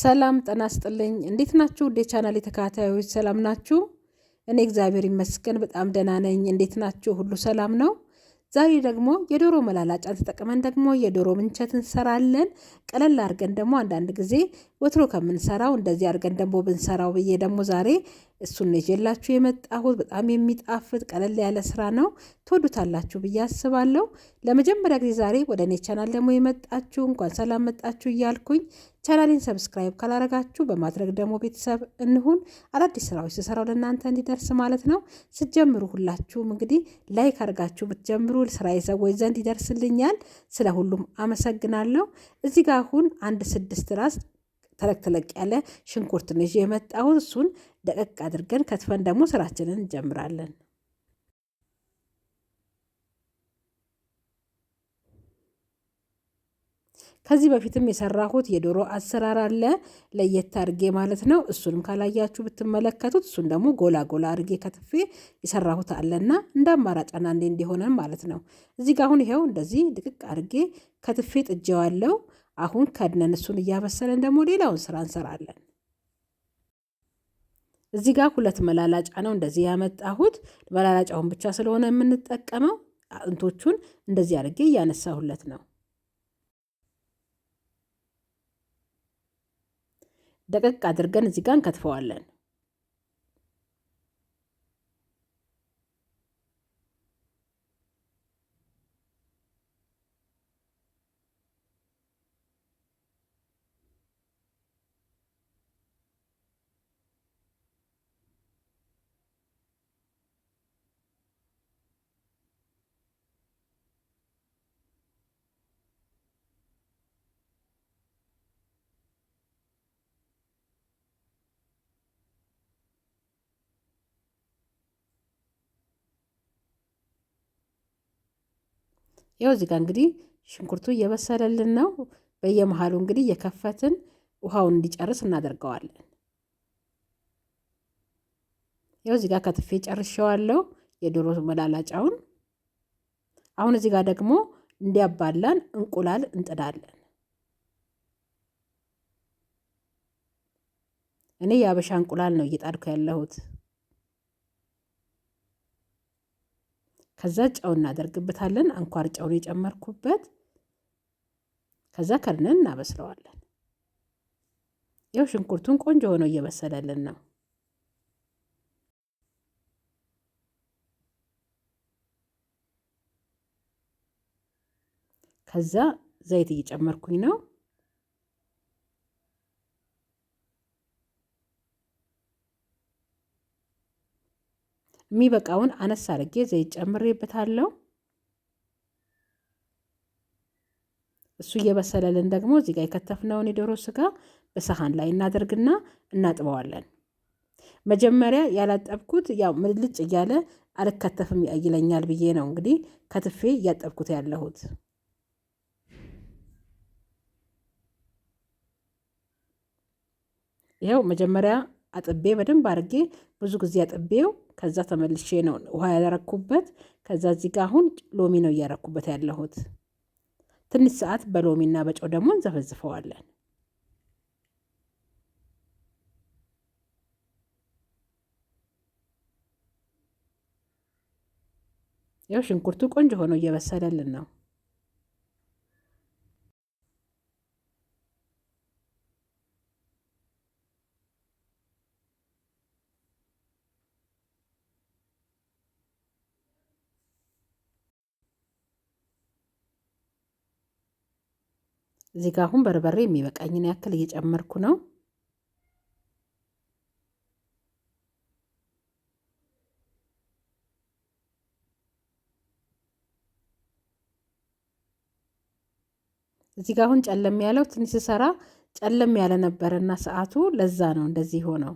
ሰላም ጠና ስጥልኝ። እንዴት ናችሁ? ውድ ቻናል ተከታታዮች ሰላም ናችሁ? እኔ እግዚአብሔር ይመስገን በጣም ደህና ነኝ። እንዴት ናችሁ? ሁሉ ሰላም ነው? ዛሬ ደግሞ የዶሮ መላላጫን ተጠቅመን ደግሞ የዶሮ ምንቸት እንሰራለን። ቀለል አድርገን ደግሞ አንዳንድ ጊዜ ወትሮ ከምንሰራው እንደዚህ አድርገን ደግሞ ብንሰራው ብዬ ደግሞ ዛሬ እሱን ይዤላችሁ የመጣሁት በጣም የሚጣፍጥ ቀለል ያለ ስራ ነው። ትወዱታላችሁ ብዬ አስባለሁ። ለመጀመሪያ ጊዜ ዛሬ ወደ እኔ ቻናል ደግሞ የመጣችሁ እንኳን ሰላም መጣችሁ እያልኩኝ ቻናሌን ሰብስክራይብ ካላረጋችሁ በማድረግ ደግሞ ቤተሰብ እንሁን። አዳዲስ ስራዎች ስሰራ ለእናንተ እንዲደርስ ማለት ነው። ስትጀምሩ ሁላችሁም እንግዲህ ላይክ አድርጋችሁ ብትጀምሩ ስራ የሰዎች ዘንድ ይደርስልኛል። ስለ ሁሉም አመሰግናለሁ። እዚህ ጋር አሁን አንድ ስድስት ራስ ተለቅ ተለቅ ያለ ሽንኩርት ነው ይዤ የመጣሁት። እሱን ደቀቅ አድርገን ከትፈን ደግሞ ስራችንን እንጀምራለን። ከዚህ በፊትም የሰራሁት የዶሮ አሰራር አለ ለየት አድርጌ ማለት ነው። እሱንም ካላያችሁ ብትመለከቱት እሱን ደግሞ ጎላ ጎላ አድርጌ ከትፌ የሰራሁት አለና እንደ አማራጭ አንዳንዴ እንዲሆነን ማለት ነው። እዚህ ጋ አሁን ይኸው እንደዚህ ድቅቅ አድርጌ ከትፌ ጥጄዋለሁ። አሁን ከድነን እሱን እያበሰለን ደግሞ ሌላውን ስራ እንሰራለን። እዚህ ጋር ሁለት መላላጫ ነው እንደዚህ ያመጣሁት። መላላጫውን ብቻ ስለሆነ የምንጠቀመው አጥንቶቹን እንደዚህ አድርጌ እያነሳሁለት ነው። ደቀቅ አድርገን እዚህ ጋር እንከትፈዋለን። ይኸው እዚጋ እንግዲህ ሽንኩርቱ እየበሰለልን ነው። በየመሃሉ እንግዲህ እየከፈትን ውሃውን እንዲጨርስ እናደርገዋለን። ይኸው እዚጋ ከትፌ ጨርሼዋለሁ የዶሮ መላላጫውን። አሁን እዚህ ደግሞ እንዲያባላን እንቁላል እንጥዳለን። እኔ የአበሻ እንቁላል ነው እየጣድኩ ያለሁት። ከዛ ጨው እናደርግበታለን። አንኳር ጨውን የጨመርኩበት ከዛ ከድነን እናበስለዋለን። ያው ሽንኩርቱን ቆንጆ ሆኖ እየበሰለልን ነው። ከዛ ዘይት እየጨመርኩኝ ነው። የሚበቃውን አነስ አድርጌ ዘይት ጨምሬበታለሁ። እሱ እየበሰለልን ደግሞ እዚህ ጋር የከተፍነውን የዶሮ ስጋ በሰሃን ላይ እናደርግና እናጥበዋለን። መጀመሪያ ያላጠብኩት ያው ምልጭ እያለ አልከተፍም ይለኛል ብዬ ነው እንግዲህ ከትፌ እያጠብኩት ያለሁት። ይኸው መጀመሪያ አጥቤ በደንብ አድርጌ ብዙ ጊዜ አጥቤው ከዛ ተመልሼ ነው ውሃ ያረኩበት ከዛ እዚህ ጋር አሁን ሎሚ ነው እያረኩበት ያለሁት። ትንሽ ሰዓት በሎሚና በጨው ደግሞ እንዘፈዝፈዋለን። ያው ሽንኩርቱ ቆንጆ ሆኖ እየበሰለልን ነው። እዚህ ጋር አሁን በርበሬ የሚበቃኝን ያክል እየጨመርኩ ነው። እዚህ አሁን ጨለም ያለው ትንሽ ስሰራ ጨለም ያለ ነበረና ሰዓቱ ለዛ ነው እንደዚህ ሆነው።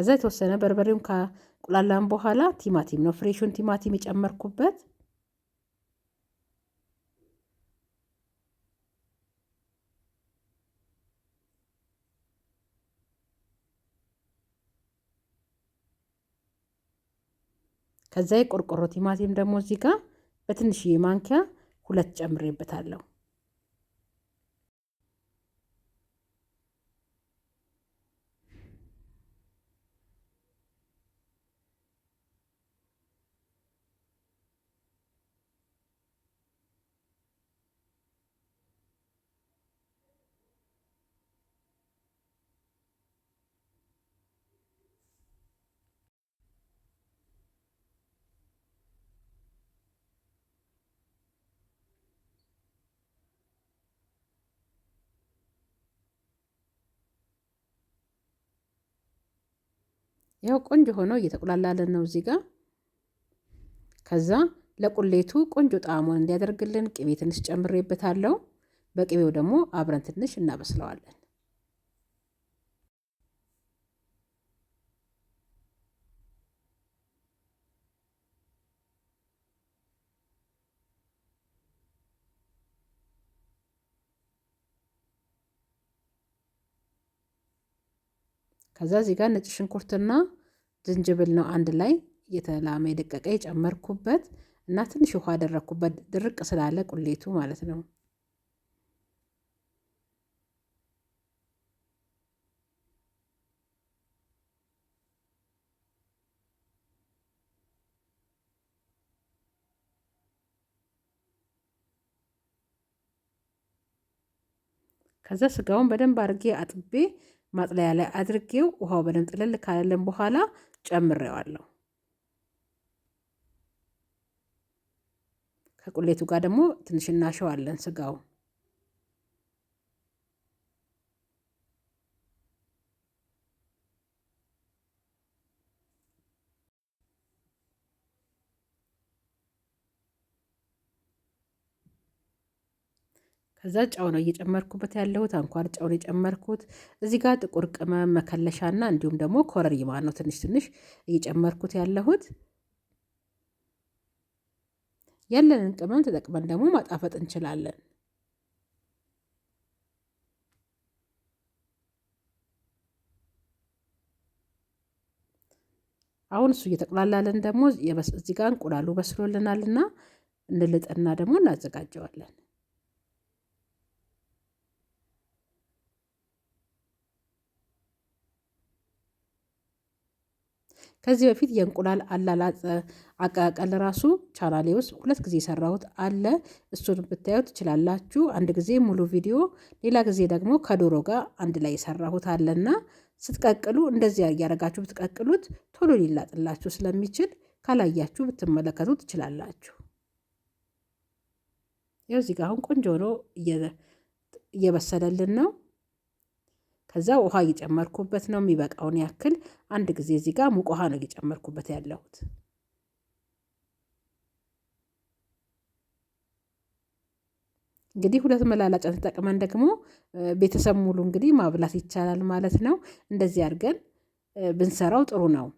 ከዛ የተወሰነ በርበሬውን ከቁላላን በኋላ ቲማቲም ነው ፍሬሹን ቲማቲም የጨመርኩበት። ከዛ የቆርቆሮ ቲማቲም ደግሞ እዚህ ጋር በትንሽዬ ማንኪያ ሁለት ጨምሬበታለሁ። ያው ቆንጆ ሆኖ እየተቁላላለን ነው እዚህ ጋር። ከዛ ለቁሌቱ ቆንጆ ጣዕሙን እንዲያደርግልን ቅቤ ትንሽ ጨምሬበታለሁ። በቅቤው ደግሞ አብረን ትንሽ እናበስለዋለን። ከዛ እዚህ ጋር ነጭ ሽንኩርትና ዝንጅብል ነው አንድ ላይ እየተላመ የደቀቀ የጨመርኩበት እና ትንሽ ውሃ አደረግኩበት ድርቅ ስላለ ቁሌቱ ማለት ነው። ከዛ ስጋውን በደንብ አድርጌ አጥቤ ማጥለያ ላይ አድርጌው ውሃው በደንብ ጥልል ካለለን በኋላ ጨምሬዋለሁ። ከቁሌቱ ጋር ደግሞ ትንሽ እናሸዋለን ስጋው ከዛ ጨው ነው እየጨመርኩበት ያለሁት። አንኳር ጨው የጨመርኩት። እዚህ ጋር ጥቁር ቅመም መከለሻና እንዲሁም ደግሞ ኮረሪማ ነው ትንሽ ትንሽ እየጨመርኩት ያለሁት። ያለንን ቅመም ተጠቅመን ደግሞ ማጣፈጥ እንችላለን። አሁን እሱ እየጠቅላላለን ደግሞ እዚህ ጋር እንቁላሉ በስሎልናልና እንልጥና ደግሞ እናዘጋጀዋለን። ከዚህ በፊት የእንቁላል አላላጥ አቀቀል ራሱ ቻናሌ ውስጥ ሁለት ጊዜ የሰራሁት አለ። እሱን ብታዩ ትችላላችሁ። አንድ ጊዜ ሙሉ ቪዲዮ፣ ሌላ ጊዜ ደግሞ ከዶሮ ጋር አንድ ላይ የሰራሁት አለና ስትቀቅሉ እንደዚህ እያደረጋችሁ ብትቀቅሉት ቶሎ ሊላጥላችሁ ስለሚችል ካላያችሁ ብትመለከቱ ትችላላችሁ። ያው እዚህ ጋር አሁን ቆንጆ ሆኖ እየበሰለልን ነው። ከዛ ውሃ እየጨመርኩበት ነው የሚበቃውን ያክል አንድ ጊዜ እዚህ ጋር ሙቅ ውሃ ነው እየጨመርኩበት ያለሁት። እንግዲህ ሁለት መላላጫ ተጠቅመን ደግሞ ቤተሰብ ሙሉ እንግዲህ ማብላት ይቻላል ማለት ነው። እንደዚህ አድርገን ብንሰራው ጥሩ ነው።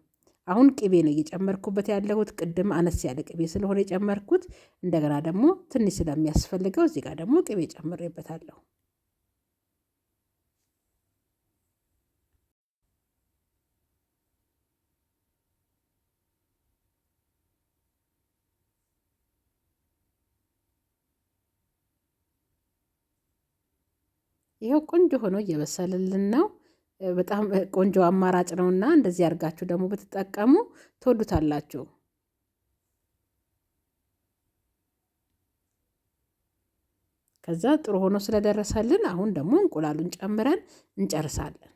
አሁን ቅቤ ነው እየጨመርኩበት ያለሁት። ቅድም አነስ ያለ ቅቤ ስለሆነ የጨመርኩት እንደገና ደግሞ ትንሽ ስለሚያስፈልገው እዚህ ጋር ደግሞ ቅቤ ጨምሬበታለሁ። ይኸው ቆንጆ ሆኖ እየበሰልልን ነው። በጣም ቆንጆ አማራጭ ነውና እንደዚህ አድርጋችሁ ደግሞ ብትጠቀሙ ትወዱታላችሁ። ከዛ ጥሩ ሆኖ ስለደረሰልን አሁን ደግሞ እንቁላሉን ጨምረን እንጨርሳለን።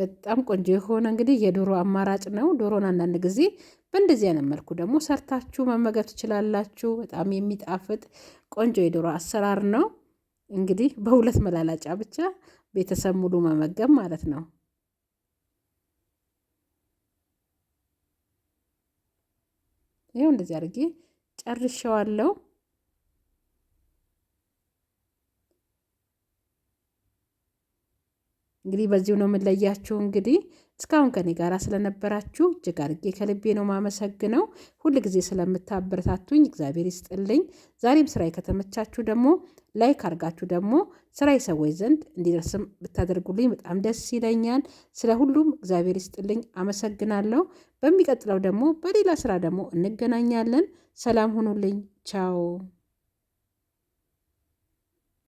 በጣም ቆንጆ የሆነ እንግዲህ የዶሮ አማራጭ ነው። ዶሮን አንዳንድ ጊዜ በእንደዚህ አይነት መልኩ ደግሞ ሰርታችሁ መመገብ ትችላላችሁ። በጣም የሚጣፍጥ ቆንጆ የዶሮ አሰራር ነው። እንግዲህ በሁለት መላላጫ ብቻ ቤተሰብ ሙሉ መመገብ ማለት ነው። ይኸው እንደዚህ አድርጌ ጨርሼዋለሁ። እንግዲህ በዚሁ ነው የምንለያችሁ። እንግዲህ እስካሁን ከኔ ጋር ስለነበራችሁ እጅግ አድርጌ ከልቤ ነው ማመሰግነው። ሁል ጊዜ ስለምታበረታቱኝ እግዚአብሔር ይስጥልኝ። ዛሬም ስራዬ ከተመቻችሁ ደግሞ ላይክ አድርጋችሁ ደግሞ ስራ ሰዎች ዘንድ እንዲደርስም ብታደርጉልኝ በጣም ደስ ይለኛል። ስለ ሁሉም እግዚአብሔር ይስጥልኝ፣ አመሰግናለሁ። በሚቀጥለው ደግሞ በሌላ ስራ ደግሞ እንገናኛለን። ሰላም ሁኑልኝ። ቻው